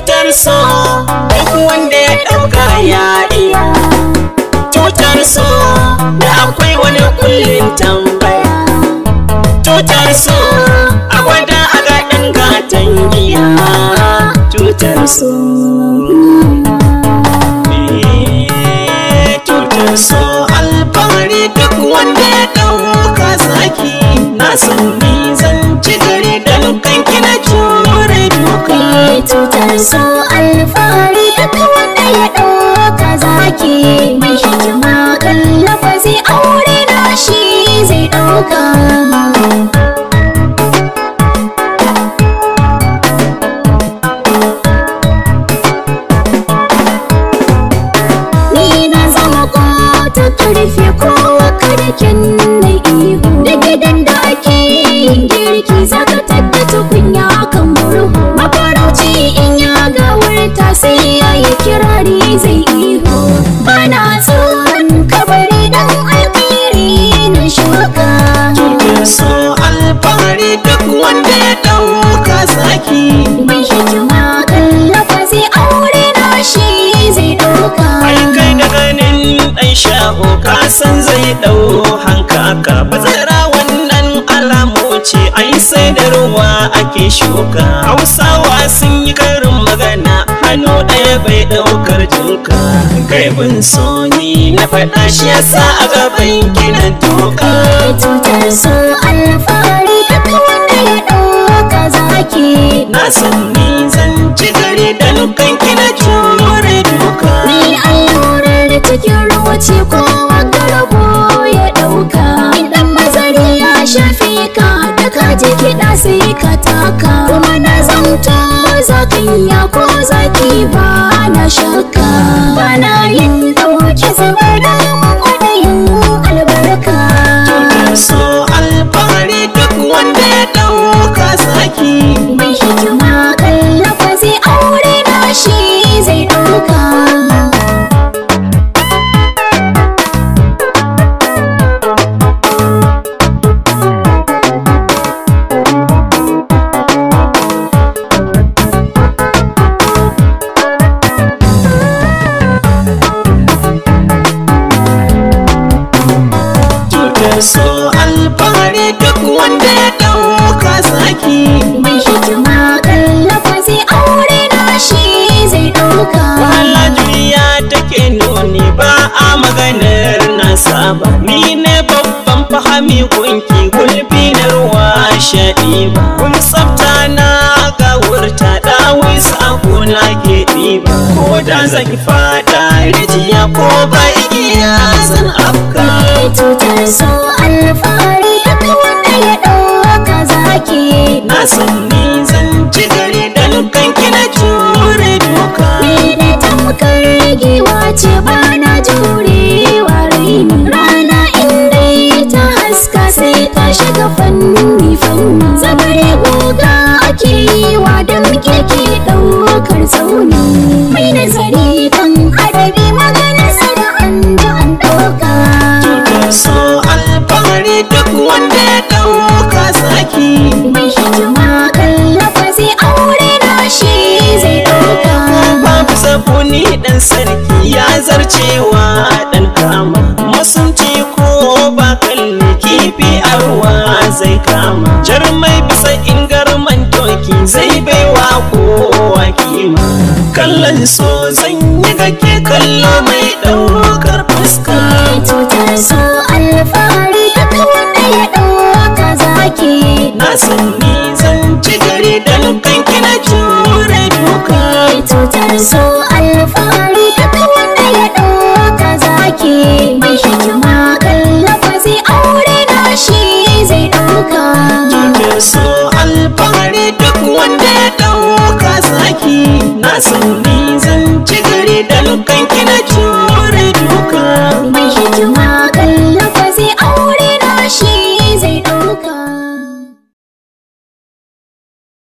tutarsa duk wanda ya ɗauka ya iya tutarsa da akwai wani kullin tambaya tutarsa a gwada a gaɗin gatan giya tutarsa eh, tutarsa duk wanda ya ɗauka zaki na san alfahari duk wanda ya ɗauka zaki mai hikima kan lafazi aure na shi zai ɗauka Ni na zama ko ta ƙarfi ko wa karkin kirari zai iho bana tsohon kabari don alkhairi na shuka kike so alfahari duk wanda ya dauka saki mai hikima kallafa zai aure na shi zai dauka ai kai da ganin dan sha'o ka san zai dau hankaka bazara wannan alamu ce ai sai da ruwa ake shuka hausawa sun yi hannu ɗaya bai ɗaukar jinka gaibin soni na faɗa shi yasa a gaban kinan toka cutar so alfahari duk wanda ya ɗauka zaki na san ni zan ci gari da lukan kina jure duka ni allurar da cikin ruwa ce kowa garabo ya ɗauka idan mazari ya shafe ka da kaje je kiɗa sai ka taka kuma na zauta za ka yi ya 一首 alfahari duk wanda ya ɗauka saki mai shi kalla kan lafazi aure na shi zai ɗauka wala duniya take nuni ba a maganar nasa ba ni ne babban fahami gunki gulbi na ruwa shaɗi ba kuma tsafta na gawurta ɗawis a gona ke ɗiba ko da zaki faɗa rijiya ko ba'i jure duka ni tamkar giwa ce ba na jurewa raini rana inda ta haska sai ta shiga fanni fanni zabare goga ake yi wa da muke ke ɗaukar tsauni sarki ya zarcewa ɗan kama masunci ko ba kalli kifi arwa zai kama jarmai bisa ingarman toki zai baiwa kowa kima kallon so zan yi gake kallo mai ɗaukar fuska cutar so alfahari ta kawai ɗaya ɗauka zaki na ni zan ci gari dan kanki na jure duka so alfahari san ni zan ci gari da lukanki